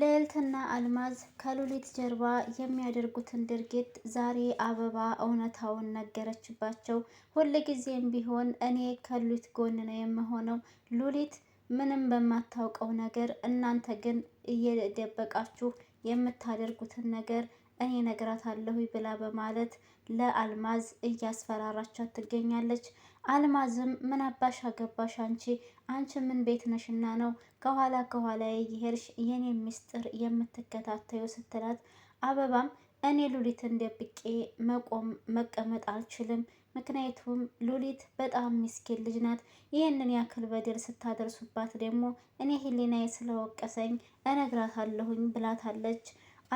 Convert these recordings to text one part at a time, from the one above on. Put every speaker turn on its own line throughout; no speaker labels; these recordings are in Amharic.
ልዕልትና አልማዝ ከሉሊት ጀርባ የሚያደርጉትን ድርጊት ዛሬ አበባ እውነታውን ነገረችባቸው። ሁልጊዜም ቢሆን እኔ ከሉሊት ጎን ነው የምሆነው። ሉሊት ምንም በማታውቀው ነገር እናንተ ግን እየደበቃችሁ የምታደርጉትን ነገር እኔ ነግራታለሁ ብላ በማለት ለአልማዝ እያስፈራራቻት ትገኛለች። አልማዝም ምን አባሽ አገባሽ አንቺ አንቺ ምን ቤት ነሽና ነው ከኋላ ከኋላ የሄድሽ የኔ ምስጢር የምትከታተዩ ስትላት፣ አበባም እኔ ሉሊትን ደብቄ መቆም መቀመጥ አልችልም። ምክንያቱም ሉሊት በጣም ሚስኪን ልጅ ናት። ይህንን ያክል በደል ስታደርሱባት ደግሞ እኔ ህሊናዬ ስለወቀሰኝ እነግራታለሁኝ ብላታለች።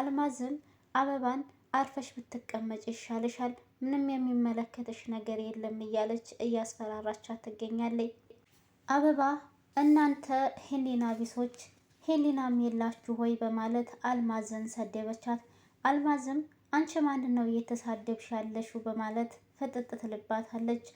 አልማዝም አበባን አርፈሽ ብትቀመጭ ይሻልሻል፣ ምንም የሚመለከትሽ ነገር የለም እያለች እያስፈራራቻት ትገኛለች። አበባ እናንተ ሕሊና ቢሶች ሄሊናም የላችሁ ወይ በማለት አልማዝን ሰደበቻት። አልማዝም አንቺ ማን ነው እየተሳደብሽ ያለሽው በማለት ፍጥጥ ትልባታለች።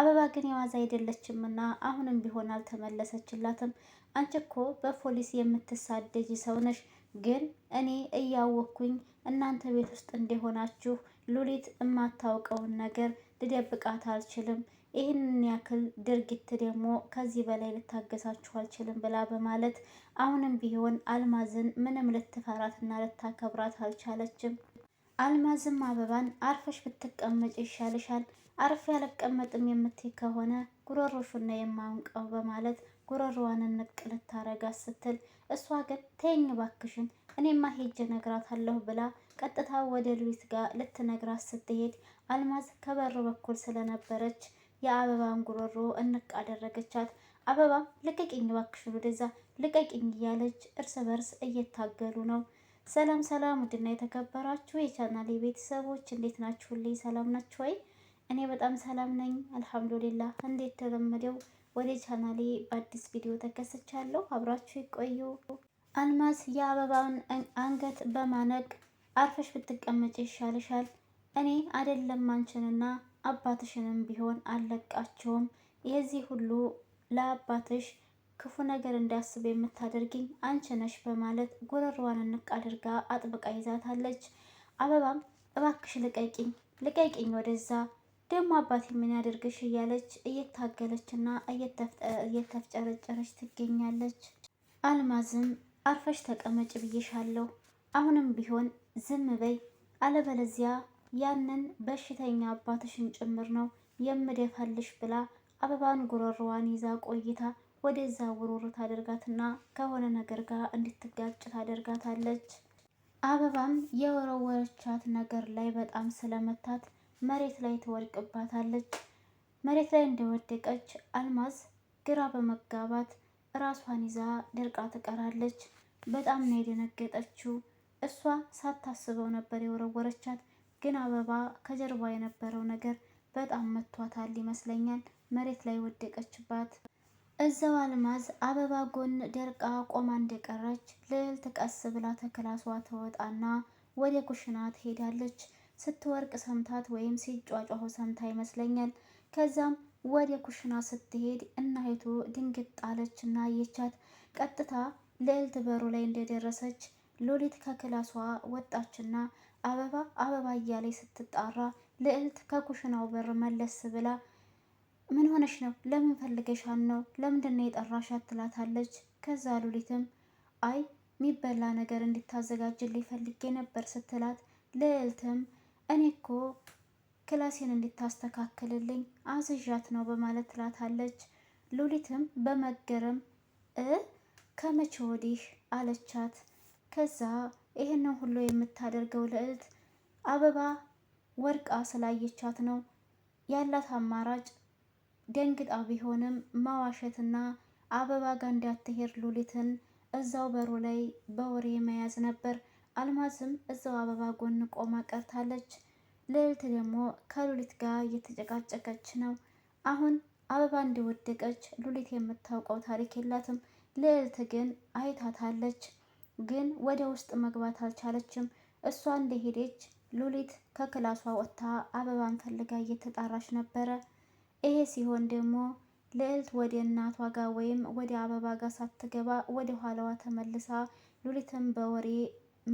አበባ ግን የዋዛ አይደለችም እና አሁንም ቢሆን አልተመለሰችላትም። አንቺ እኮ በፖሊስ የምትሳደጅ ሰው ነሽ ግን እኔ እያወቅኩኝ እናንተ ቤት ውስጥ እንደሆናችሁ ሉሊት የማታውቀውን ነገር ልደብቃት አልችልም። ይህንን ያክል ድርጊት ደግሞ ከዚህ በላይ ልታገሳችሁ አልችልም ብላ በማለት አሁንም ቢሆን አልማዝን ምንም ልትፈራትና ልታከብራት አልቻለችም። አልማዝም አበባን አርፈሽ ብትቀመጭ ይሻልሻል፣ አርፌ አልቀመጥም የምትይ ከሆነ ጉሮሮሹና የማንቀው በማለት ጉረሯዋን ንቅ ልታረጋት ስትል እሷ ግን ተይኝ ባክሽን እኔማ ሄጄ ነግራታለሁ ብላ ቀጥታ ወደ ሉዊት ጋር ልትነግራት ስትሄድ አልማዝ ከበሩ በኩል ስለነበረች የአበባን ጉሮሮ እንቅ አደረገቻት። አበባም ልቀቂኝ ባክሽን ወደዛ ልቀቂኝ እያለች እርስ በርስ እየታገሉ ነው። ሰላም ሰላም፣ ውድና የተከበራችሁ የቻናሌ ቤተሰቦች እንዴት ናችሁልኝ? ሰላም ናችሁ ወይ? እኔ በጣም ሰላም ነኝ አልሐምዱሊላህ። እንዴት ተለመደው ወደ ቻናሌ በአዲስ ቪዲዮ ተከስቻለሁ። አብራችሁ ይቆዩ። አልማዝ የአበባውን አንገት በማነቅ አርፈሽ ብትቀመጭ ይሻልሻል። እኔ አደለም አንችንና አባትሽንም ቢሆን አልለቃቸውም። የዚህ ሁሉ ለአባትሽ ክፉ ነገር እንዳያስብ የምታደርግኝ አንቺ ነሽ በማለት ጉሮሮዋን እንቅ አድርጋ አጥብቃ ይዛታለች። አበባም እባክሽ ልቀቂኝ፣ ልቀቂኝ ወደዛ ደግሞ አባቴ ምን ያደርግሽ እያለች እየታገለች እና እየተፍጨረጨረች ትገኛለች። አልማዝም አርፈሽ ተቀመጭ ብዬሻለሁ፣ አሁንም ቢሆን ዝም በይ፣ አለበለዚያ ያንን በሽተኛ አባትሽን ጭምር ነው የምደፋልሽ ብላ አበባን ጉሮሮዋን ይዛ ቆይታ ወደዛ ውርውር ታደርጋትና ከሆነ ነገር ጋር እንድትጋጭ ታደርጋታለች። አበባም የወረወረቻት ነገር ላይ በጣም ስለመታት መሬት ላይ ትወድቅባታለች። መሬት ላይ እንደወደቀች አልማዝ ግራ በመጋባት ራሷን ይዛ ደርቃ ትቀራለች። በጣም ነው የደነገጠችው። እሷ ሳታስበው ነበር የወረወረቻት፣ ግን አበባ ከጀርባ የነበረው ነገር በጣም መቷታል ይመስለኛል። መሬት ላይ ወደቀችባት። እዛው አልማዝ አበባ ጎን ደርቃ ቆማ እንደቀረች ልዕልት ቀስ ብላ ተክላሷ ተወጣና ወደ ኩሽና ትሄዳለች። ስትወርቅ ሰምታት ወይም ሲጯጯሁ ሰምታ ይመስለኛል። ከዛም ወደ ኩሽና ስትሄድ እናይቱ ድንግጥ ጣለች እና አየቻት። ቀጥታ ልዕልት በሩ ላይ እንደደረሰች ሎሊት ከክላሷ ወጣችና አበባ አበባ እያለች ስትጣራ ልዕልት ከኩሽናው በር መለስ ብላ ምን ሆነሽ ነው? ለምን ፈልገሻን ነው? ለምንድን ነው የጠራሻት? ትላታለች። ከዛ ሉሊትም አይ ሚበላ ነገር እንድታዘጋጅልኝ ፈልጌ ነበር ስትላት ልዕልትም እኔ እኮ ክላሴን እንድታስተካክልልኝ አዝዣት ነው በማለት ትላታለች። ሉሊትም በመገረም እ ከመቼ ወዲህ አለቻት። ከዛ ይህንን ሁሉ የምታደርገው ልዕልት አበባ ወርቃ ስላየቻት ነው ያላት አማራጭ ደንግጣ ቢሆንም ማዋሸትና አበባ ጋር እንዳትሄድ ሉሊትን እዛው በሩ ላይ በወሬ መያዝ ነበር። አልማዝም እዛው አበባ ጎን ቆማ ቀርታለች። ልዕልት ደግሞ ከሉሊት ጋር እየተጨቃጨቀች ነው። አሁን አበባ እንደወደቀች ሉሊት የምታውቀው ታሪክ የላትም። ልዕልት ግን አይታታለች፣ ግን ወደ ውስጥ መግባት አልቻለችም። እሷ እንደሄደች ሉሊት ከክላሷ ወጥታ አበባን ፈልጋ እየተጣራች ነበረ። ይሄ ሲሆን ደግሞ ልዕልት ወደ እናቷ ጋር ወይም ወደ አበባ ጋር ሳትገባ ወደ ኋላዋ ተመልሳ ሉሊትን በወሬ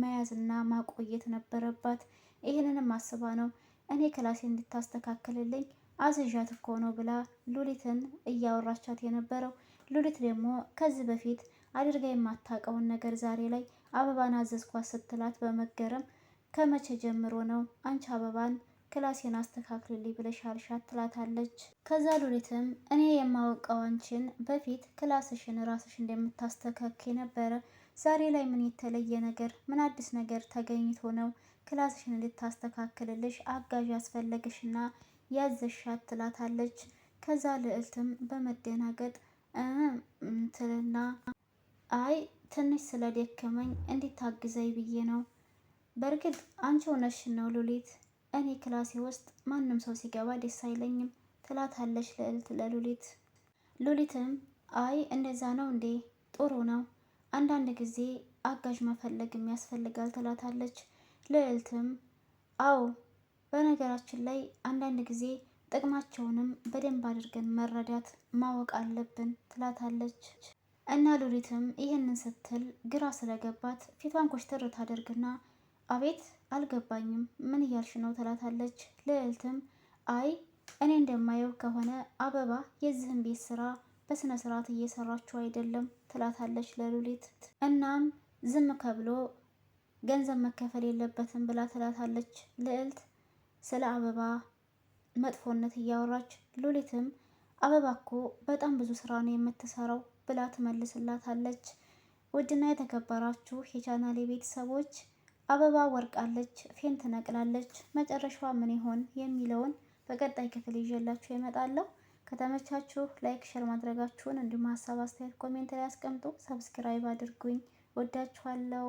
መያዝና ማቆየት ነበረባት። ይህንንም አስባ ነው እኔ ክላሴ እንድታስተካክልልኝ አዝዣት እኮ ነው ብላ ሉሊትን እያወራቻት የነበረው። ሉሊት ደግሞ ከዚህ በፊት አድርጋ የማታውቀውን ነገር ዛሬ ላይ አበባን አዘዝኳት ስትላት በመገረም ከመቼ ጀምሮ ነው አንቺ አበባን ክላሴን አስተካክልልኝ ብለሽ አልሻት ትላታለች። ከዛ ሉሊትም እኔ የማውቀው አንቺን በፊት ክላስሽን ራስሽ እንደምታስተካክ ነበረ ዛሬ ላይ ምን የተለየ ነገር ምን አዲስ ነገር ተገኝቶ ነው ክላስሽን ልታስተካክልልሽ አጋዥ ያስፈለግሽና ያዘሻት ትላታለች። ከዛ ልዕልትም በመደናገጥ ትልና አይ ትንሽ ስለደከመኝ እንዲታግዘኝ ብዬ ነው። በእርግጥ አንቺ ሆነሽ ነው ሉሊት፣ እኔ ክላሴ ውስጥ ማንም ሰው ሲገባ ደስ አይለኝም ትላታለች ልዕልት ለሉሊት። ሉሊትም አይ እንደዛ ነው እንዴ? ጥሩ ነው አንዳንድ ጊዜ አጋዥ መፈለግም ያስፈልጋል ትላታለች። ልዕልትም አዎ፣ በነገራችን ላይ አንዳንድ ጊዜ ጥቅማቸውንም በደንብ አድርገን መረዳት ማወቅ አለብን ትላታለች። እና ሉሊትም ይህንን ስትል ግራ ስለገባት ፊቷን ኮሽተር ታደርግና አቤት አልገባኝም፣ ምን እያልሽ ነው ትላታለች። ልዕልትም አይ እኔ እንደማየው ከሆነ አበባ የዚህን ቤት ስራ በስነ ስርዓት እየሰራችሁ አይደለም ትላታለች ለሉሊት። እናም ዝም ከብሎ ገንዘብ መከፈል የለበትም ብላ ትላታለች ልዕልት ስለ አበባ መጥፎነት እያወራች ሉሊትም አበባ እኮ በጣም ብዙ ስራ ነው የምትሰራው ብላ ትመልስላታለች። ውድና የተከበራችሁ የቻናሌ ቤተሰቦች አበባ ወርቃለች፣ ፌን ትነቅላለች፣ መጨረሻዋ ምን ይሆን የሚለውን በቀጣይ ክፍል ይዤላችሁ ይመጣለሁ። ከተመቻችሁ ላይክ፣ ሸር ማድረጋችሁን እንዲሁም ሀሳብ አስተያየት ኮሜንት ላይ አስቀምጡ። ሰብስክራይብ አድርጉኝ። ወዳችኋለሁ።